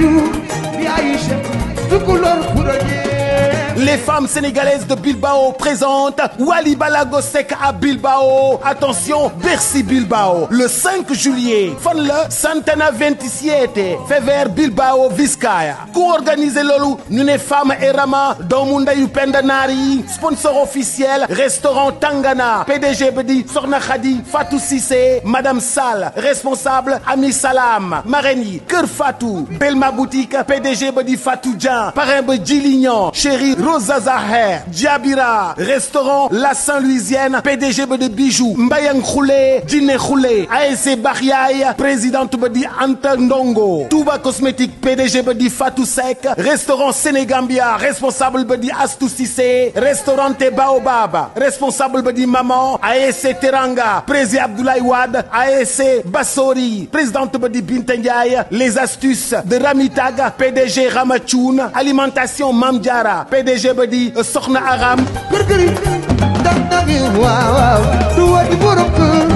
jour bi ay chef tukulóor Les femmes sénégalaises de Bilbao présentent Wally Balago Seck à Bilbao. Attention, Bercy Bilbao. Le 5 juillet, fan la Santana 27 Fever Bilbao Vizcaya. Co-organisé loolu ñu ne Fama et Rama doomu ndeyu Penda Naar yi sponsor officiel restaurant Tangana PDG bi di Soxna Khady Fatou Cissé Madame Sall responsable Ami Salam marraine yi Kër Belma boutique PDG ba di Fatou Dian parrain ba Djilignan Rosa Zaher Diabira restaurant La Saint-Louisienne PDG ba de Bijou Mbayang Khoulé Dine Khoulé ASC Bakhyaay présidente ba di Anta Ndongo Touba Cosmétique PDG ba di Fatou Seck restaurant Sénégambia responsable ba di Astou Cissé restaurant Te Baobab responsable ba di Maman ASC Teranga président Abdoulaye Wade ASC Bassori présidente ba di Binta les astuces de Ramitag PDG Ramathoun alimentation Mam DG ba di euh, soxna Aram kër-këri dag dagi waaw waaw du wadi borom kër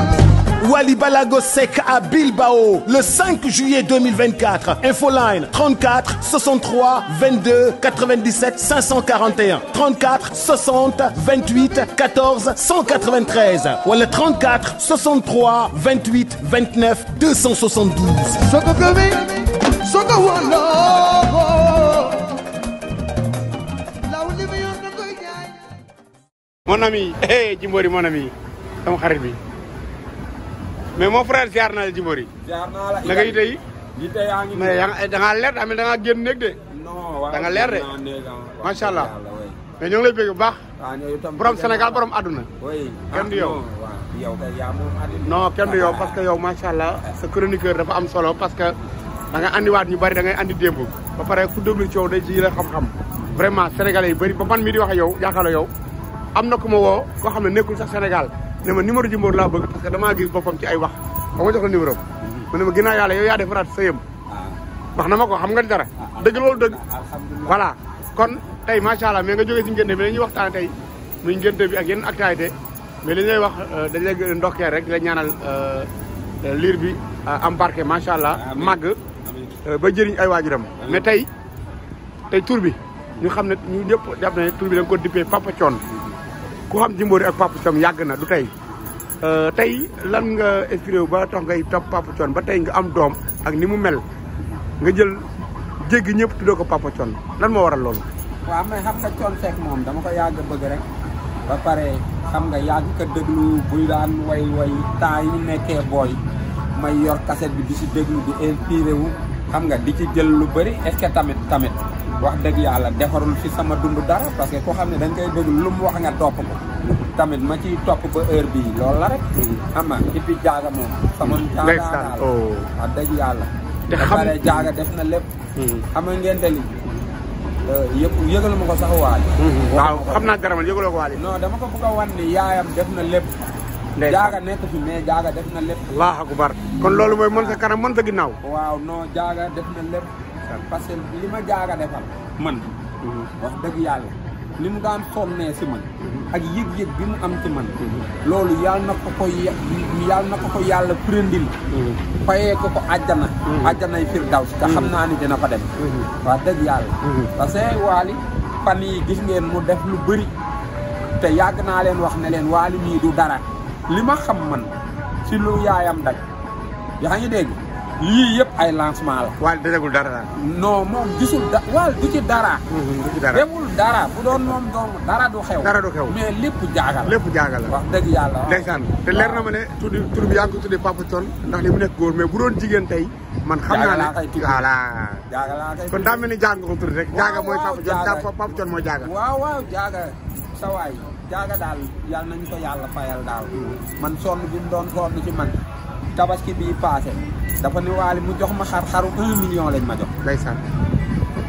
Wally Balago Seck à Bilbao le 5 juillet 2024 infoline 34 63 22 97 541 34 60 28 14 193 wala 34 63 28 29 272. mon ami eh Jimbori mon ami sama xarit bi mais mon frère ziar naa la Jimbori. ziar naa la naka yite yaa ngi mais eh, leer da ngaa génn néeg de. non da nga leer de macha allah. mais ñoo ngi lay bëgg bu baax. borom Sénégal borom àdduna. kenn du ah, yow. non kenn du yow parce que yow macha allah sa chroniqueur dafa am solo parce que da nga andiwaat ñu bari dangay ngay andi démb. ba pare ku déglu coow day ji la xam-xam. vraiment sénégalais yi bëri ba man mi di wax yow yaakaar yow. am na ku ma woo koo xam ne nekkul sax Sénégal ne ma numéro Djimboor laa bëgg parce que damaa gis boppam ci ay wax ba ma jox la numéro mhm. mu ne ma ginnaaw yàlla yow yaa defaraat sëyam ah. wax na ma ko xam nga dara ah. dëgg loolu dëgg voilà kon tey macha allah mais nga jógee ci ngénte bi dañuy waxtaan tey muy ngénte bi ak yenn actualité mais li ñuy wax euh, dañ lay ndokkeel rek la ñaanal euh, liir bi embarqué euh, macha allah màgg ba jëriñ ay waajuram mais tey tey tur bi ñu xam ne ñu ñëpp jàpp ne tur bi da ko dippee Papa Thione ku xam Jimbori ak Papa Thione yàgg na du tey euh, tey lan nga inspiré wu ba tax ngay topp Papa Thione ba tey nga am doom ak ni mu mel nga jël jéggi ñëpp tuddoo ko Papa Thione lan moo waral loolu. waaw mais xam nga Thione Seck moom dama ko yàgg bëgg rek ba pare xam nga yàgg ko déglu buy daan way way temps yi nekkee booy may yor kaset bi di si déglu di inspiré wu xam nga di ci jël lu bëri est tamit tamit. wax dëgg yàlla defarul fi sama dund dara parce que ko xam ne dañ koy dégg lu mu wax nga topp ko tamit ma ci topp ba heure bii loolu la rek xam nga et jaaga moom sama hmm. jaaga oh. yàlla te xam ne hmm. jaaga na lépp hmm. xam nga ngente li euh, yëpp yëgal ko sax waali waaw xam naa garamal yëgaloo ko waali non dama ko bëgg wan ni yaayam def na lépp jaaga nekk fi mais jaaga def na lépp allahu akbar kon loolu mooy mën sa kanam mën sa ginnaaw waaw non jaaga def na lépp parce que li ma jaaga defal man wax dëgg yàlla li mu daan nee si man ak yëg-yëg bi mu am ci man loolu yàlla na ko ko yàlla na ko ko yàlla prendil fayee ko ko àjjana àjjanay firdaws te xam naa ni dina fa dem wax dëgg yàlla parce que waali fan yi gis ngeen mu def lu bëri te yàgg naa leen wax ne leen waali nii du dara li ma xam man si lu yaayam daj yaa ngi dégg lii yëpp ay lancement la. waaye dégagul dara daal. non moom du ci dara. Mm-hmm, du ci dara demul dara bu doon moom doom dara du xew. dara du xew mais lépp jaagal. lépp jaagal wax dëgg yàlla. ndeysaan te leer na ma ne tur bi tur bi yaa ngi ko nekk góor mais bu man xam naa ne voilà. jaaga kon daa mel ni jaaga nga ko rek. jaaga mooy Papa Thione Papa Thione mooy jaaga. waaw waaw jaaga sa waay jaaga daal yàlla nañu ko yàlla fayal daal. man sonn bi mu doon sonn ci man tabaski bii paase dafa ni waali mu jox ma xar xaru un million lañ ma jox. ndeysaan.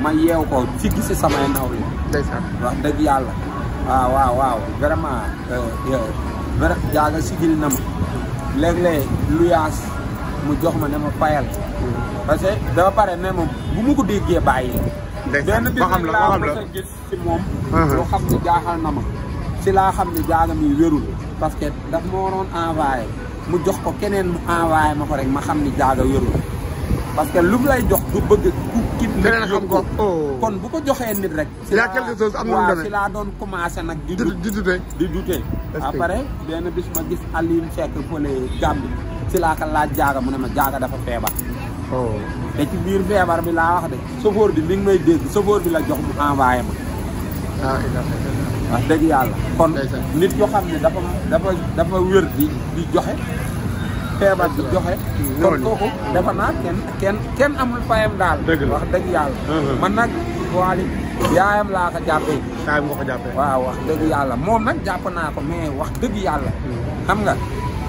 ma yeew ko fi gisi samay naw li ndeysaan wax dëgg yàlla. Ah, waaw waaw waaw euh, vraiment. jaaga sigil na ma. léeg-léeg luyaas mu jox ma ne ma fayal. Mm-hmm. parce que dafa pare ne ma bu mu ko déggee bàyyi la. benn bis xam la ma gis ci moom. Mm-hmm. loo xam ne jaaxal na ma. si laa xam ne jaaga mi wérul. parce que daf ma waroon mu jox ko keneen mu envoyé ma ko rek ma xam ni jaaga yorul parce que lu mu lay jox du bëgg ku kit keneen xam ko oh. kon bu ko joxee nit rek si la laa doon commencé nag di dute di dute après benn bis ma gis Alioune Seck fële Gambie si laa ko laaj jaaga mu ne ma jaaga dafa feebar oh. te ci biir feebar bi laa wax de chauffeur bi mi may dégg chauffeur bi la jox mu envoyé ma wax dëgg yàlla kon nit yoo xam ne dafa dafa dafa wér di di joxe feebar di joxe kon kooku dafa naa kenn kenn kenn amul fayam daal wax dëgg yàlla uh-huh. man nag waali yaayam laa ko jàppee yaayam nga ko jàppee waaw wax dëgg yàlla moom nag jàpp naa ko mais wax dëgg yàlla hmm. xam nga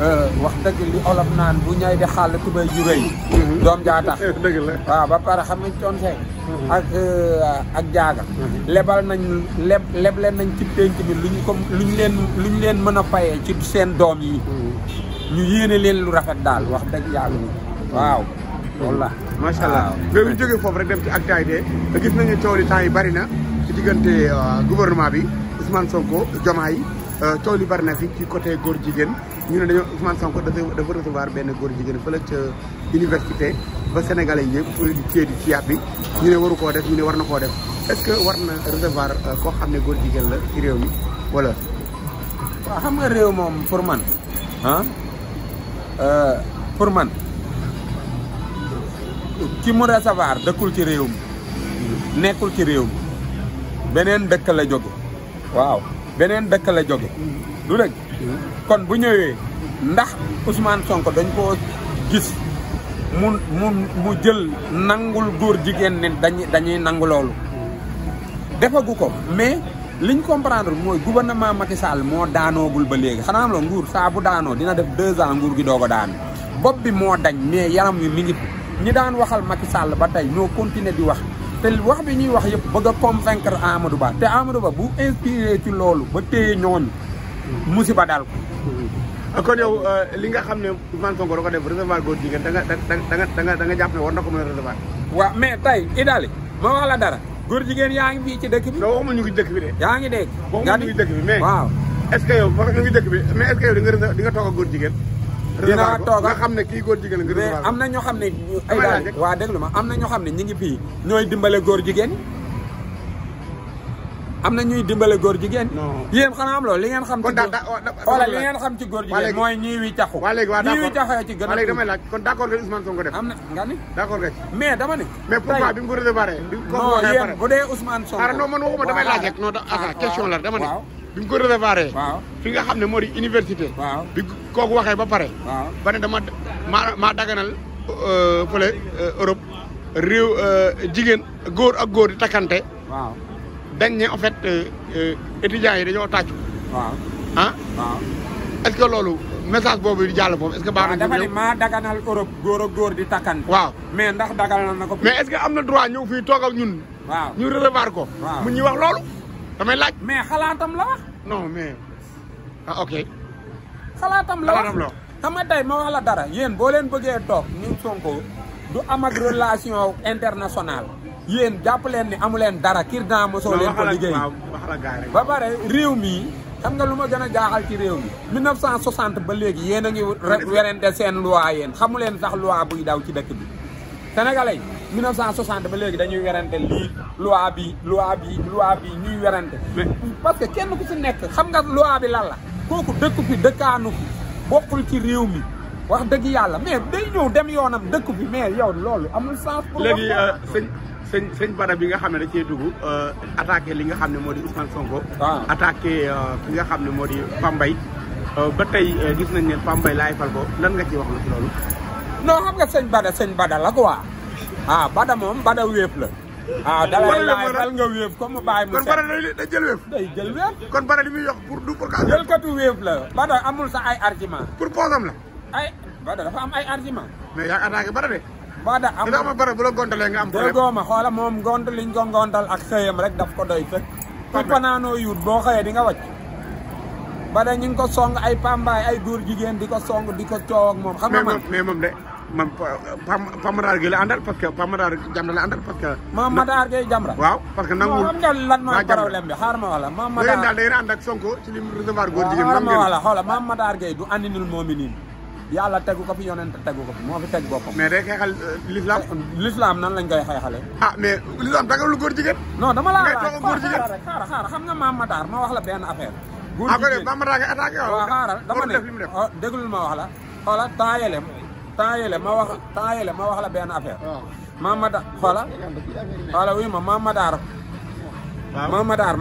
Euh, wax dëgg li olof naan bu ñëw di xàll tubay ju rëy mhm. doom jaa tax waaw ba pare xam nga coon seeg mhm. ak euh, ak jaaga mhm. lebal nañ leb leble nañ ci pénc bi lu ñu ko lu ñu leen lu ñu leen mën a fayee ci seen doom yi ñu yéene leen lu rafet daal wax dëgg yàlla waaw walla macha allah mais bu jógee foofu rek dem ci actualité gis nañu coow li temps yi bari na ci diggante euh, gouvernement bi Ousmane Sonko Diomaye coow li bari na fi ci côté góor jigéen ñu ne dañoo Ousmane Sonko dafa dafa recevoir benn góor jigéen fële ca université ba sénégalais yëpp di cee di ci ñu ne waru koo def ñu ne war na koo def est-ce que war na recevoir euh, koo xam ne góor jigéen la ci réew mi wala. waa xam nga réew moom pour man ah euh, pour man ki mu recevoir dëkkul ci réew mi nekkul ci réew mi beneen dëkk la jóge waaw beneen dëkk la jóge mm-hmm. du dëgg. kon bu ñëwee ndax Ousmane Sonko dañ koo gis mu mu mu jël nangul góor jigéen ne dañuy dañuy nangu loolu defagu ko mais liñ comprendre mooy gouvernement Macky Sall moo daanoogul ba léegi xanaa am la nguur saa bu daanoo dina def deux ans nguur gi doog a daanu bopp bi moo dañ mais yaram wi mi ngi ñi daan waxal Macky Sall ba tey ñoo continuer di wax te wax bi ñuy wax yëpp bëgg a convaincre Amadou Ba te Amadou Ba bu inspiré ci loolu ba téye ñooñu musiba daal ko. yow euh, li nga xam ne Ousmane Sonko da ko def recevoir góor jigéen da nga da nga da nga da nga jàpp ne war na ko mën a recevoir. waaw mais tey Idaly ma wax la dara. góor jigéen yaa ngi fii ci dëkk bi. non waxuma ñu ngi dëkk bi de. yaa ngi dégg. waxuma ñu ngi dëkk waaw est yow wax ngi dëkk bi mais est ce yow di nga di jigéen. dinaa toog nga xam ne kii góor jigéen nga. mais am na ñoo xam ne. ay daal waaw ma am na ñoo xam ne ñu ngi fii ñooy dimbale goor jigéen am na ñuy dimbale góor jigéen. non yéen xanaa am loolu li ngeen xam. kon da wala oh, xam ci góor jigéen. mooy ñii wi taxu. waa léegi waa ñii wi taxu ci gën a. damay laaj kon d' accord nga Ousmane Sonko def. am na nga ni d' accord rek. mais dama ne. mais pourquoi bi mu ko recevoir. bi mu man waxuma damay laaj rek. non ah, attends question la ko recevoir. waaw fi nga xam ne moo di université. waaw bi kooku waxee ba pare. ba ne dama ma maa daganal euh, fële euh, Europe réew euh, jigéen góor ak góor di takkante waaw dañ ne en fait euh, euh, étudiants yi dañoo tàccu. waaw ah. waaw loolu message boobu di jàll foofu est-ce que. baax na maa daganal Europe góor a góor di takkan. waaw mais ndax daganal na ko. mais est-ce am na droit ñëw fii toog ak ñun. ñu relever ko. waaw mu ñuy wax loolu. damay laaj. mais xalaatam la wax. non mais ah ok. xalaatam la wax xalaatam la tey ma wax la dara yéen boo leen bëggee toog ñu Sonko du am ak relation international yéen jàpp leen ni amu leen dara kir naa mosoo leen ko liggéey ba pare réew mi xam nga lu ma gën a jaaxal ci réew mi 1960 ba léegi yéen a ngi werente seen loi yéen xamu leen sax loi buy daw ci dëkk bi sénégalais yi 1960 ba léegi dañuy werante lii loi bi loi bi loi bi ñuy werante parce que kenn ku ci nekk xam nga loi bi lan la kooku dëkk fi dëkkaanu fi bokkul ci réew mi wax dëgg yàlla mais day ñëw dem yoonam dëkk fi mais yow loolu amul sens pour léegi euh, sëñ sëñ sëñ Bada bi nga xam ne da cee dugg euh, attaqué li nga xam ne moo di Ousmane Sonko. Ah. attaqué euh, ki nga xam ne moo di Pambay euh, ba tey gis nañ ne Pambay laay fal ko lan nga ci wax la ci loolu. non xam nga sëñ Bada sëñ Bada la quoi ah Bada moom Bada wéef la. a ah, dalay laay fal nga wéef comme Baye Moussa. kon Bada day jël wéef. kon Bada li muy yokk pour du pour. jëlkatu wéef la Bada amul sa ay argument. pour poosam la. ay Bada dafa am ay argument. mais yaa attaqué Bada de. boo tax am dama bëri bu la gontalee nga am. déggoo ma xoola moom gont liñ ko gontal ak xëyam rek daf ko doy fekk. ku fanaanoo yuut boo xëyee di nga wàcc. ba da ñu ngi ko song ay pambaay ay góor jigéen di ko song di ko coow ak moom. xam nga man mais moom de man Pam Pamadaar gi la àndal parce que Pamadaar Jamra la àndal parce que. moom Madaar Gueye Jamra. waaw parce que moom Madaar bu leen daal day ànd ak Sonko wala xoola moom Madaar du àndinul moom yàlla tegu ko fi yonent tegu ko fi moo fi teg boppam. mais day xeexal euh, l'islam. Eh, l'islam nan lañ koy xeexalee. ah mais l'islam dagalul góor jigéen. non dama laa laaj xam nga maam Matar ma wax la benn affaire. góor ah, jigéen affaire maam dama ne oh, déglul wax la xoola temps yële temps yële ma wax temps yële ma wax la benn waaw oh. maam Matar xoola xoola wuy ma maam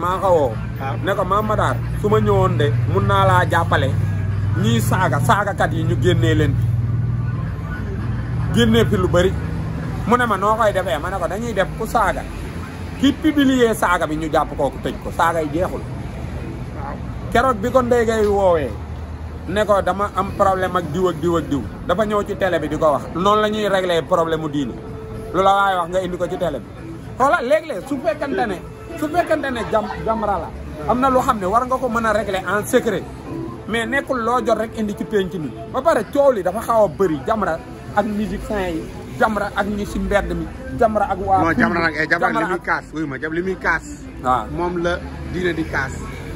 maa ko woo. ne ko maam Matar su ma ñëwoon de mun naa laa jàppale. ñii saaga kat yi ñu génnee leen génnee fi lu bëri mu ne ma noo koy defee ma ne ko dañuy def ku saaga ki publier saaga bi ñu jàpp kooku tëj ko saaga yi jeexul waaw bi ko Ndeye Gueye woowee ne ko dama am problème ak diw ak diw ak dafa ñëw ci télé bi di ko wax noonu la ñuy réglé problème mu diine lu la waaye wax nga indi ko ci télé bi xoola léeg-léeg su fekkante ne su fekkante ne jam jamra am na loo xam ne war nga ko mën a réglé en secret mais nekkul loo jot rek indi ci penc mi ba pare coow li dafa xaw a bëri Jamra ak musiciens yi Jamra ak ñi si mbedd mi Jamra ak waa non Jamra nag eh, Jamra li muy kaas wuyu ma jam li mi kaas moom la diine di kaas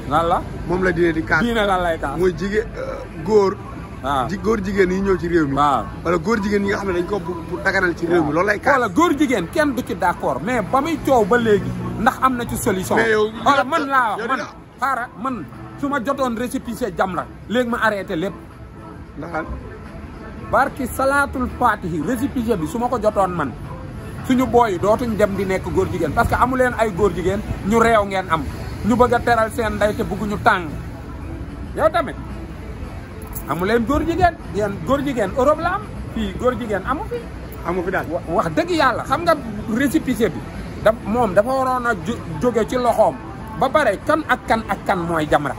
lan la moom la diine di kaas diine lan lay kaas mooy jigéen euh, góor waaw ah. ji góor jigéen yi ñëw ci réew mi. waaw ah. wala góor jigéen yi nga xam ne dañ ko bu daganal ci réew mi ah. loolu lay. kaas wala góor jigéen kenn du ci d' mais ba muy coow ba léegi ndax am na ci solution. mais yow man laa wax man. xaara man su ma jotoon récépissé jam la léegi ma arrêté lépp ndax barki salaatul faatihi récépissé bi su ma ko jotoon man suñu booyi dootuñ dem di nekk góor jigéen parce que amu leen ay góor jigéen ñu reew ngeen am ñu bëgg a teral seen ndey te ñu tàng yow tamit amu leen góor jigéen yéen góor jigéen Europe la am fii góor jigéen amu fi. amu fi daal wax dëgg yàlla xam nga récépissé bi da moom dafa waroon a jóge ci loxoom. ba pare kan ak kan ak kan mooy Jamra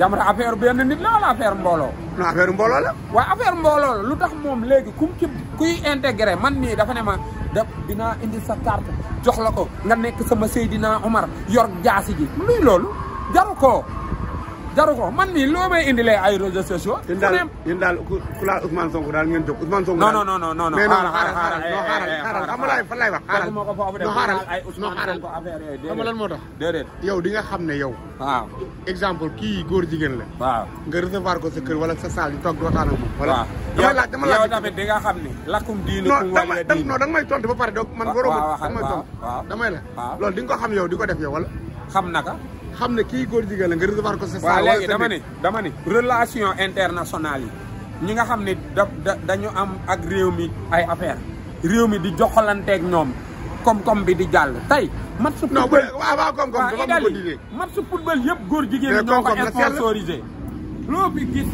Jamra affaire benn nit la wala affaire mbooloo. non affaire mbooloo la. waaye affaire mbooloo la lu tax moom léegi kum ci kuy intégré man nii dafa ne ma da dinaa indi sa carte jox la ko nga nekk sama Seydina Omar yor jaasi ji luy loolu jaru ko. jaru ko man mii loo may indilee ay réseaux sociaux. fu dem yéen daal ku laal Ousmane Sonko daal ngeen jóg Ousmane Sonko. non non non non non non yow di nga xam ne yow. waaw exemple kii góor jigéen la. waaw nga recevoir ko sa kër wala sa salle di toog di waxtaan ak moom. laaj dama laaj yow xam ni lakkum diinu kum wala diinu da nga may tontu ba pare donc man waroo ma damay la ko xam yow di ko def yow wala xam naka xam ne kii góor jigéen la nga recevoir ko sa waaw léegi dama ne dama ne relation internationale yi ñi nga xam ne da dañu am ak réew mi ay affaire réew mi di joxalanteeg ñoom koom-koom bi di jàll tey mat su football waaw koom-koom dafa mat su football yëpp góor jigéen ñoo ko sponsorisé loo fi gis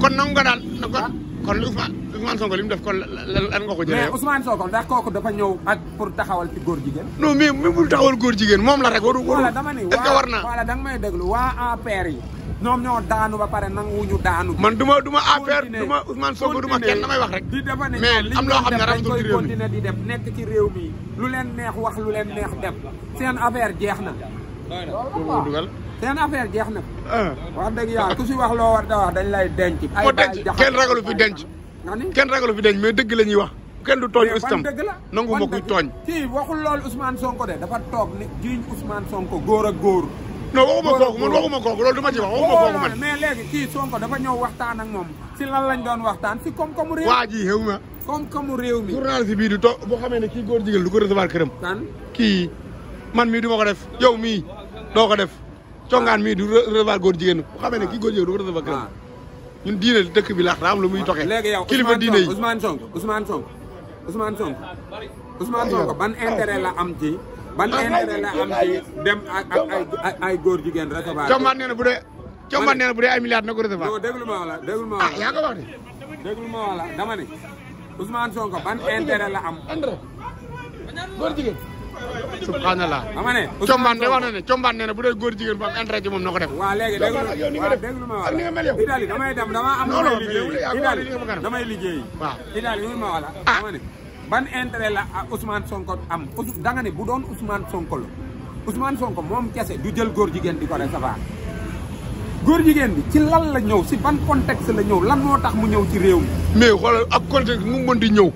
kon nangu nga daan ah. kon Ousmane Ousmane Sonko li def kon lan nga ko jëlee. mais Ousmane Sonko ndax kooku dafa ñëw ak pour taxawal ci góor jigéen. non mais même bu taxawal góor jigéen moom la rek. waru waru est-ce que war naa voilà danga may déglu waa APR yi. ñoom ñoo daanu ba pare nanguwuñu daanu. man du ma du ma APR du ma Ousmane Sonko du ma kenn damay wax rek. mais am loo xam ne rafetul ci réew mi continuer di def nekk ci réew mi lu leen neex wax lu leen neex def seen affaire jeex na. seen affaire jeex na. Ah. wax dëgg yàlla ku si wax loo war da wax dañ lay denc. ay denc kenn ragalu fi denc. kenn ragalu fi denc mais dëgg la ñuy wax. kenn du tooñ itam nangu ma kuy tooñ. kii waxul loolu Ousmane Sonko de dafa toog ni jiiñ Ousmane Sonko góor ak góor. non waxuma kooku man waxuma kooku loolu dama ci wax waxuma kooku man. mais léegi kii Sonko dafa ñëw waxtaan ak moom. si lan lañ doon waxtaan si koom-koomu réew mi. waa ji xew na. koom-koomu réew mi. journaliste bii du toog boo xamee ne kii góor jigéen du ko recevoir këram. kan kii man mii du ma ko def yow doo def congaan mii du recevoir góor jigéen bu xamee ne kii góor jigéen du ko recevoir kër ah. ñun diine dëkk bi laax daa am lu muy toxee léegi yow kilifa diine yi Ousmane Sonko Ousmane Sonko Ousmane Sonko Ousmane Sonko ban intérêt la am ci ban ah. intérêt la dem ay góor jigéen recevoir congaan nee na bu dee congaan bu dee ay milliards na ko recevoir non déglu ma wala déglu ma ah, wala yaa ko ban intérêt la am góor subhanallah ama ne combaan de wax na ne combaan bu dee góor jigéen bu am intérêt ci moom na ko def ma ak ni nga mel yow Italie damay dem dama am Italie damay liggéey waaw Italie ñu ma wala ama ah. ne ban intérêt la Ousmane Sonko am da nga bu doon Ousmane Sonko la Ousmane moom kese du jël góor jigéen di ko def safaan góor jigéen bi ci lan la ñëw si ban contexte la ñëw lan moo tax mu ñëw ci réew mi mais xoolal a contexte mu mën di ñëw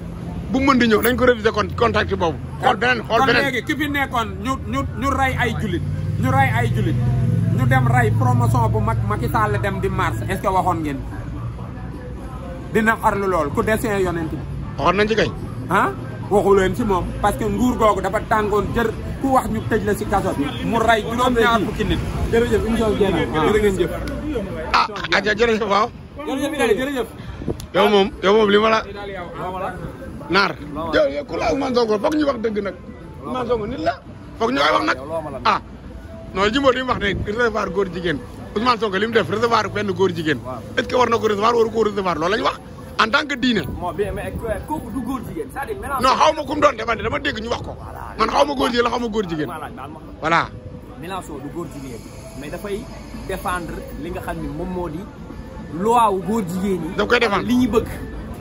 bu mën di ñëw dañ ko réviser kon contact boobu. xool beneen xool beneen kon léegi ki fi nekkoon ñu ñu ñu rey ay jullit ñu rey ay jullit ñu dem rey promotion bu mag Macky Sall dem di mars est-ce que waxoon ngeen dina xarlu lool ku dessin yonent bi. waxoon nañ ci kay. ah waxu leen ci moom parce que nguur googu dafa tàngoon jër ku wax ñu tëj la ci kaso bi mu rey juróom-ñaar fukki nit. jërëjëf émission bi jeex na waaw jërë ngeen jëf. ah ah jërëjëf ah, waaw. jërëjëf yow moom yow moom li ma la. naar yow ku la Ousmane Sonko foog ñu wax dëgg nag Ousmane Sonko nit la foog ñu koy wax nag ah non jimbo li mu wax ne recevoir góor jigéen Ousmane Sonko li mu def recevoir benn góor jigéen est ce que war na ko wax en tant que diine non doon defante dama dégg ñu wax ko man xaw ma góor jigéen la xaw ma góor jigéen voilà Mélenchon du góor jigéen mais li nga xam ne moom moo di loi wu góor jigéen yi koy défendre li ñu bëgg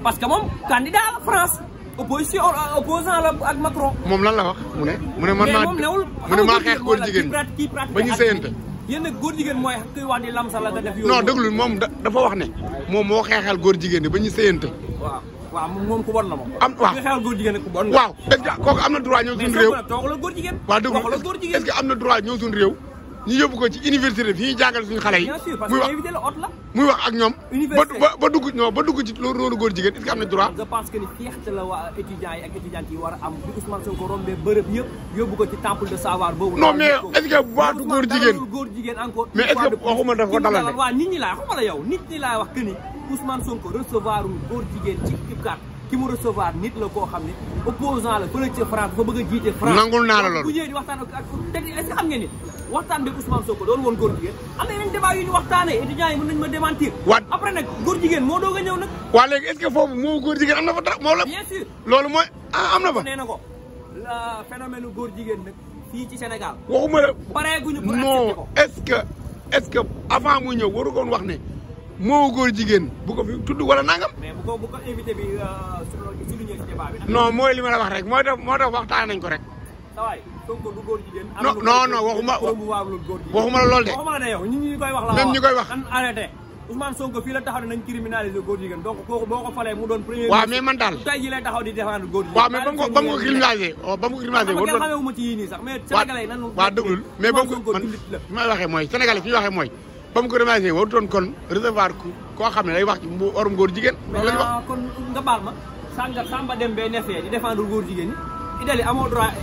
parce que moom candidat la France opposition euh, opposant la ak Macron. moom lan la wax mu ne. mu ne ma maa mu ne maa xeex góor jigéen ñi ba ñu sëyante. yéen nag góor jigéen la nga def. non déglu moom dafa wax ne. moom moo xeexal góor jigéen ñi ba ñu sëyante. waaw waaw moom ku bon am na droit ñëw suñu réew. mais waaw déglu est am na droit ñëw suñu réew. ñu yóbbu ko ci université fi ñuy jàngal suñu xale yi. muy wax ak ñoom. ba dugg non ba dugg ci loolu góor jigéen est-ce que droit. je yi ak étudiantes yi war a am bi Ousmane Sonko rombee bërëb yëpp yóbbu ko ci temple de savoir boobu. non mais est-ce que baatu góor jigéen góor jigéen encore. mais est-ce que waxuma dafa ko góor jigéen ci kàtt ki mu recevoir nit la koo xam ne opposant la fële ca France dafa bëgg a jiite France nangul naa la lool bu ñëwee di waxtaan ak teg est-ce que xam ngeen ni waxtaan bi Ousmane Sonko doon woon góor jigéen am na yeneen débat yu ñu ma démentir waa après nag góor moo doog a ñëw nag waa léegi est-ce que foofu moo góor jigéen am na fa dara moo la bien mooy ah, am na fa nee na ko phénomène góor jigéen nag fii ci Sénégal waxuma la pareeguñu non est-ce que est avant mu ñëw waru koon wax ne moo góor jigéen bu ko tudd wala nangam. mais bu ko bu bi euh, li ma wax rek moo tax moo ko rek. waaye Sonko du góor jigéen. non non non waxuma waxuma la lool de. waxuma la boo mu man daal tey jii lay taxaw di défendre góor jigéen. waaw mais ba mu ko ba fi may waxee mooy sénégalais fi ñu waxee mooy ba mu ko remercié warutoon kon recevoir koo xam ne day wax ci mu orum góor jigéen. loolu lañ wax kon nga baal Samba Dembe Nefee di défendre góor jigéen ñi Idali amoo droit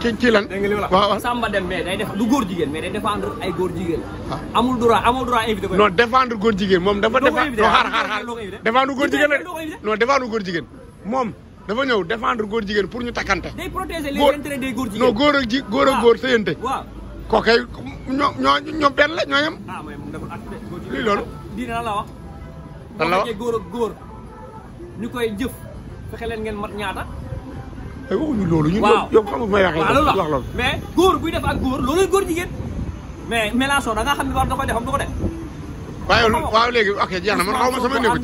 ci ci lan. waaw waaw Samba Dembe def du góor jigéen mais day défendre ay góor jigéen. Ah. amul droit amul droit invité ko. non défendre jigéen moom dafa. doo ah, xaar xaar xaar défendre góor jigéen la non défendre jigéen moom. dafa ñëw défendre goor jigéen pour ñu takkante. day protéger les intérêts des góor jigéen non góor ak ji góor ak góor kooku kay ñoo ñoo ñoo benn la ñoo yem. ah mais moom deful acte la wax. lan la wax boo góor ak góor ñu koy jëf fexe leen ngeen mat ñaata. ay waxuñu loolu. ñun yow xam nga may waxee. waaw loolu wax loolu. mais góor buy def ak góor loolu góor jigéen. mais mélangeo da nga xam ne war da koy defam du ko def. waaye waaw léegi ok jeex na man xaw ma sama néew.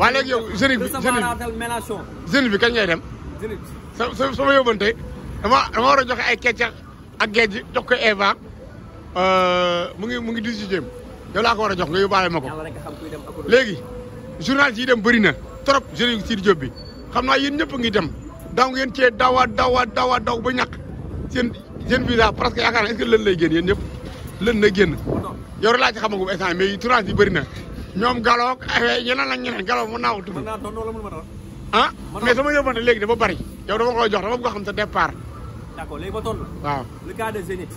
waaye léegi yow jeune bi jeune bi jeune bi kañ ngay dem. jeune bi sama sama yóbbante dama dama war a joxe ay keccax ak géej gi jox ko Eva euh, mu ngi mu ngi dix-huitième yow laa ko war a jox nga yóbbaale ma ko. léegi journaliste yi dem bëri na trop jeunes Sidy Diop bi xam naa yéen ñëpp ngi dem daw ngeen cee dawa dawa dawa daw ba ñàkk seen seen visa presque yaakaar naa est-ce que lën lay génn yéen ñëpp lën na génn. yow rek laa ci xamagum instant mais tournage yi bëri na ñoom Gallo eh, ñeneen ak ñeneen Gallo mën naa ko tudd. ah mais sama yóbbante léegi dafa bëri yow dama koy jox dama bëgg xam sa départ. d'accord léegi ba toll. waaw le cas de Zénith.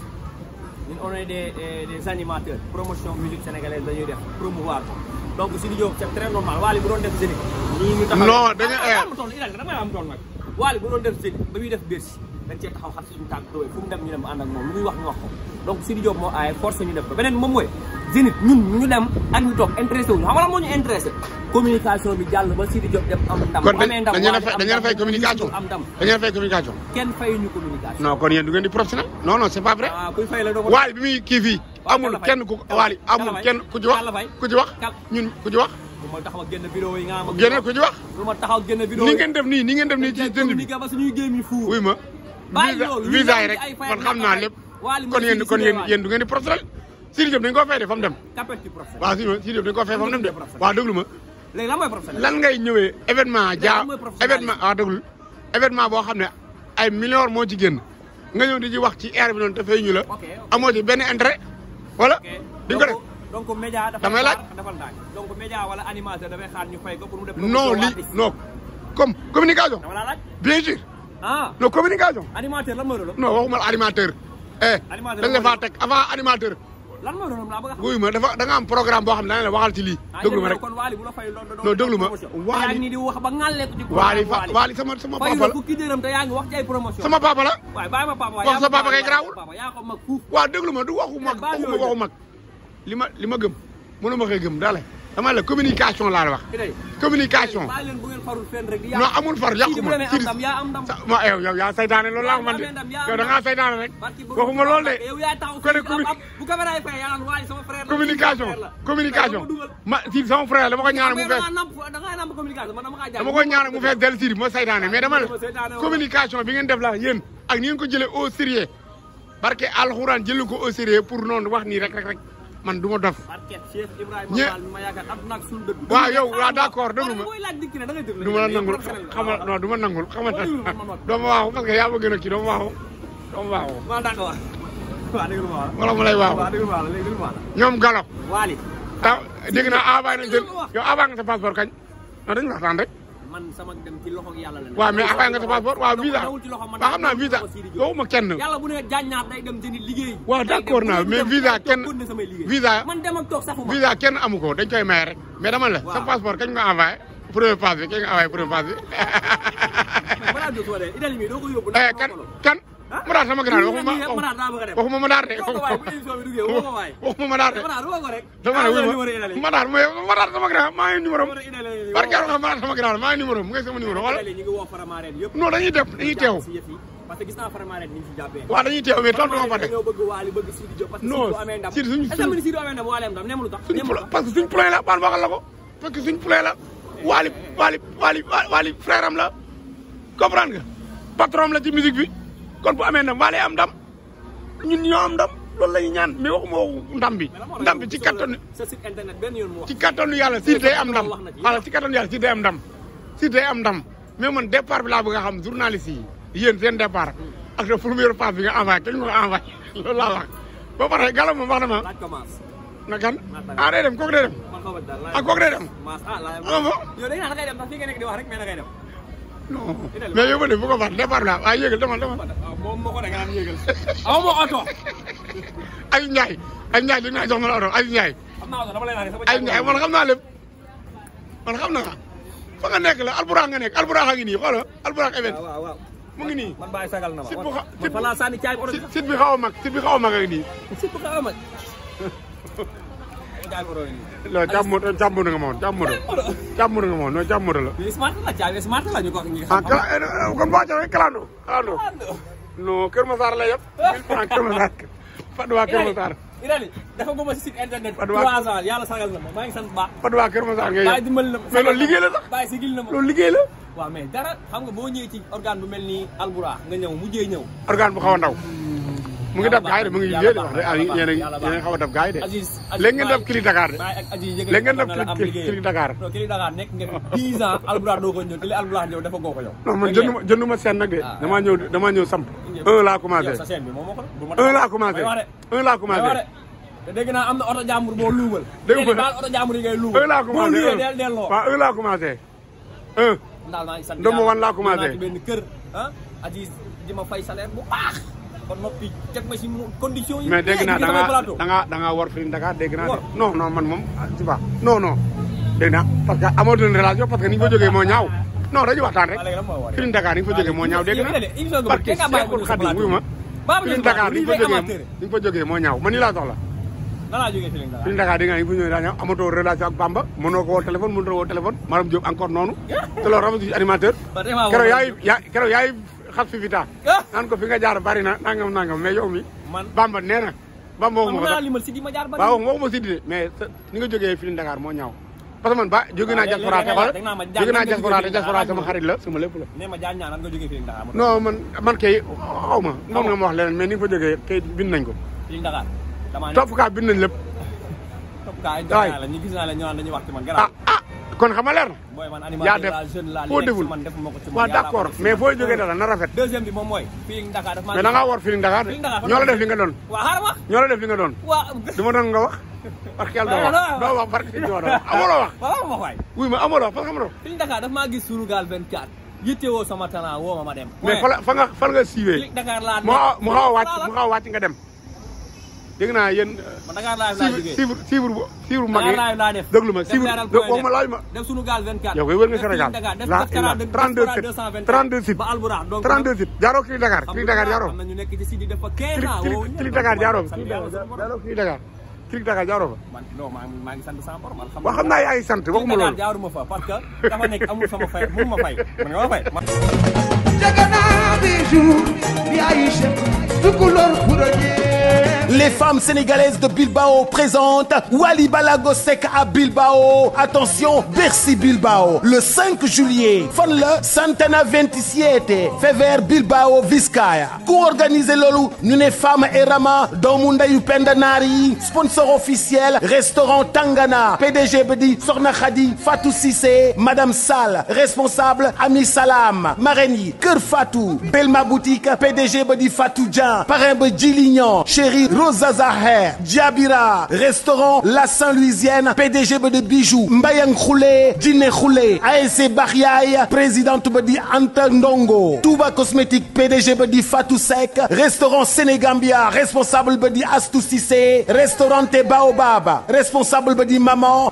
ñun on est des euh, des animateurs promotion musique sénégalaise la ñuy def promouvoir ko donc Sidi Diop c'est très normal Wally bu doon def Zénith. ñii ñu taxaw non dañuy. ah ah am toll Irak damay am toll nag. Wally bu doon def Zénith ba muy def Bercy. dañ cee taxaw xam suñu tànk dooy fu mu dem ñu dem ànd ak moom lu muy wax ñu wax ko donc Sidi Diop moo aaye force ñu def ko beneen moom mooy Zénith ñun ñu dem ak ñu toog intéressé wuñu xam nga moo ñu intéressé communication bi jàll ba Sidi Diop dem am ndam amee ndam dañu fay communication am ndam dañu fay communication kenn fayuñu communication non kon yéen du ngeen di professionnel non non c'est pas vrai kuy fay la doo waali bi muy kii fii amul kenn ku waali amul kenn ku ci wax ku ci wax ñun ku ci wax lu ma taxaw génn vidéo yi nga am génn ku ci wax lu ma taxaw génn vidéo ni ngeen def nii ni ngeen def nii ci dënd bi suñuy géem yi fuur wuy ma bàyyi loolu visa yi rek kon xam naa lépp kon yéen du ngeen di procédé Sidy Diop dañu koo fay de fa dem waaw Sidy Diop dañu koo fay fa mu dem de waaw déglu lan mooy professionnel lan ngay ñëwee événement jaa événement waaw déglu événement boo xam ne ay millions moo ci génn nga ñëw di ci wax ci air bi noonu te fay ñu la amoo benn entre wala di ko def donc média dafa damay laaj donc média wala animateur damay xaar ñu fay ko pour mu def non li non comme communication bien sûr ah non communication. animateur lan mooy rôle non waxuma la animateur. Eh, animateur dañ la faa teg avant lan mooy rôle laa bëgg a ma dafa am programme boo xam ne da nga leen waxal ci lii. Ah, déglu ma rek kon Waly bu la fay loolu non déglu ma Waly di wax ba ŋàllee sama sama wax sama papa la waay bàyyi ma papa wax sa papa kay garaawul yaa ko mag ma du waxu li ma li ma gëm mënu ma koy gëm dama la communication laa la wax. communication. non amul far yàquma. kii ma yow yow yaa saytaane loolu laa man de yow da ngaa saytaane rek waxuma loolu de. que communication communication ma si sama frère dama ko ñaanal mu fees. dama ko ñaanal mu fees dellu si ma saytaane mais dama la communication bi ngeen def la yéen ak ni ngeen ko jëlee au sérieux barke alxuraan jëlee ko au sérieux pour noonu wax nii rek rek rek. man du ma dof. ñe waaw yow waaw d'accord déglu ma du ma la nangul xamal non du ma nangul xamal doo ma waaxu parce que yaa ma gën a kii doo ma waaxu doo ma waaxu. ma lay waaxu. ñoom Galop. waaw dégg naa abay nañ seen yow abay nga sa passeport kañ non dañu waxtaan rek. man sama dem ci loxo yàlla la. waaw mais affaire nga passeport waaw visa waaw xam naa visa waxuma kenn. yàlla bu ne jaaññaat day dem seen i liggéey. waaw naa mais visa kenn visa man dem ak toog sa passeport kañ nga premier pass bi kañ premier pass bi. kan kan. Ah? Madaar sama gànnaar waxuma waxuma Madaar de. waxuma Madaar de. dama ne Madaar mooy Madaar sama gànnaar maa ngi numéro am. barke Yàlla Madaar sama gànnaar maa ngi numéro am mu ngi sama numéro wala. non dañuy def dañuy teew. parce que gis naa Faramaren ni ñu ci jàppee. waaw dañuy teew mais tontu ma fa de. non Sidi suñu suñu parce que suñu poulain la baal waxal la ko parce que suñu poulain la Wally Wally Wally Wally frère am la comprendre nga patron la ci musique bi kon boo amee ndam waale am ndam ñun ñoo am ndam loolu la ñu ñaan mais waxuma ndam bi ndam bi ci kattanu ci kattanu yàlla si day am ndam voilà ci kattanu yàlla si day am ndam si day am ndam mais man départ bi laa bëgg a xam journaliste yi yéen seen départ hmm. ak le premier pas bi nga envoyé kañ nga ko envoyé loolu laa wax ba pare moom wax na ma na kan ah day dem kooku day dem ah kooku day dem ah non mais yow bu ko far départ la waaye yéegal demal demal. moom moo ko da nga naan yéegal amoo oto. Aliou Ndiaye Aliou Ndiaye li nga jox ma la oto Aliou Ndiaye. xam naa la alburax nga nekk alburax a mu ngi nii man bàyyi sagal na ma man fa laa sànni caay bi non càmm moto càmm moto nga ma woon càmm moto. càmm moto nga ma woon non càmm moto la. mais smart la caabi smart la ñu ko ñu xam. ah eh, eh, eh, kon waa Jalle Kalando. Kalando non Kër Masar lay yëpp. 1000 francs Kër Masar Faduwa Kër Masar. Irani dafa goma si site internet. Faduwa 3 ans yàlla sagal na ma maa ngi sant ba. Faduwa Kër Masar ngay yëpp dimbali na ma. mais loolu liggéey la sax bàyyi sigil na ma loolu liggéey la. waaw mais dara xam nga boo ñëwee ci organe bu mel ni Albura nga ñëw mujjee ñëw. organe bu xaw a ndaw. mu ngi dab gaay de mu ngi yéene wax de yéen a a xaw a dab gaay de. léegi ngeen dab kili Dakar de. léegi ngeen dab kili Dakar. kili Dakar nekk nga 10 ans alburax doo ko ñëw te li alburax ñëw dafa nag de. Ah, ah. damaa ñëw samp. un laa commencé un laa commencé un laa commencé. te dégg naa am na oto jàmbur boo luubal. dégg nga baal oto jàmbur laa commencé boo laa commencé un. ndax maa wan laa commencé. kër ah aji di ma fay salaire ba noppi teg ma si condition yi. mais dégg naa da nga da nga da nga war fii Dakar dégg naa. non man moom ah, tu vois non non. dégg parce que amatul relation parce que ni ñu ko moo ñaaw. non dañu waxtaan rek fii ah, Dakar ni ñu ko moo ñaaw dégg naa. Ah, ma. fii Dakar ni ñu ko jógee ni ñu ko jógee moo ñaaw man nii laa soxla. fii Dakar dégg ni bu ñëwee daa ñaaw amatoo relation ak ba mënoo ko woo téléphone mënutoo woo téléphone. Maram Diop encore noonu. te loolu rafetlu si animateur. keroog yaay xab si vita ah! naan ko fi nga jaar bari na nangam nangam mais yow mi bamba nee na bamba waxuma ko waaw waxuma ma siddi de mais ni nga jógee fii Dakar moo ñaaw parce que man ba ah, jóge naa diaspora jóge naa diaspora te diaspora sama xarit la sama lépp la non man man kay xaw ma moom nga ma wax leneen mais ni nga fa jógee kay bind nañ ko topp kaa bind nañ lépp waay ah kon xama leer yaa def foo deful waaw d'accord mais foo jógee dara na rafet. deuxième bi moom mooy. Feeling Dakar daf maa la def li nga doon. waaw xaaral wax ñoo la def li nga doon. waaw du ma doon nga wax. parce que yàlla doo wax parce que ñoo doon amuloo wax. waay. wuy ma amuloo wax parce que amuloo. Feeling Dakar daf maa gis Sunugal 24. yittewoo woo ma ma dem. mais fa nga fa nga siiwee. Feeling Dakar laa nekk mu xaw a wàcc mu xaw a nga dem dégg naa yéen. man Dakar Live laa jógee chiffre chiffre bu chiffre bu mag yi. Dakar Live laa def déglu ma chiffre waxuma laaj ma. def sunu gaal 24. yow koy wër nga Sénégal la illa 32 sites 32 sites. ba Alboura donc 32 sites jaaroo Kili Dakar Kili Dakar jaaroo. am na ñu nekk ci site yi def fa 15 ans. Kili Dakar jaaroo Kili jaaroo Kili Dakar. Kili Dakar jaaroo fa. man non maa ngi maa ngi sant sama borom. alhamdulilah xam naa yaa ngi sant waxuma loolu. Kili Dakar jaaruma fa parce que dafa nekk amul sama fay mënu ma fay man nga ma fay. jege naa des jours bi ay chef du couleur Les femmes sénégalaises de Bilbao présentent Wally Balago Seck à Bilbao. Attention, Bercy Bilbao. Le juillet, fan la Santana 27 Fever Bilbao Vizcaya. Co-organisé loolu ñu ne Fama et Rama doomu ndeyu Penda sponsor officiel restaurant Tangana PDG bi di Soxna Khadi Fatou Cissé Madame Sall responsable Ami Salam marraine yi Kër Belma boutique PDG ba di Fatou Dian parrain ba chéri Rosa Zaher Diabira restaurant La Saint-Louisienne PDG ba de Bijou Mbayang Khoulé Dine Khoulé ASC Bakhyaay présidente ba di Anta Ndongo Touba Cosmétique PDG ba di Fatou Seck restaurant Sénégambia responsable ba di Astou Cissé restaurant Baobab responsable ba di Maman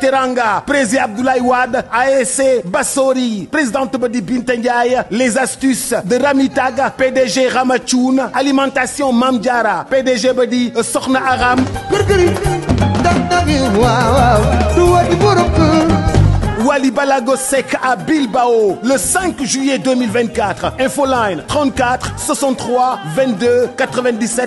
Teranga président Abdoulaye Wade ASC Bassori présidente ba di Binta Ndiaye les astuces de Ramitag PDG Ramathoun alimentation Mam DG ba di euh, soxna Aram. kër kër yi daf daf yi waaw waaw du wati borom kër. Wally Balago Seck à Bilbao le 5 juillet 2024 infoline 34 63 22 wala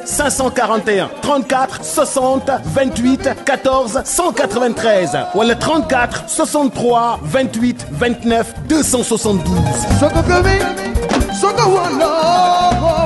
541 34 60 28 14 193 wala 34 63 28 29 272.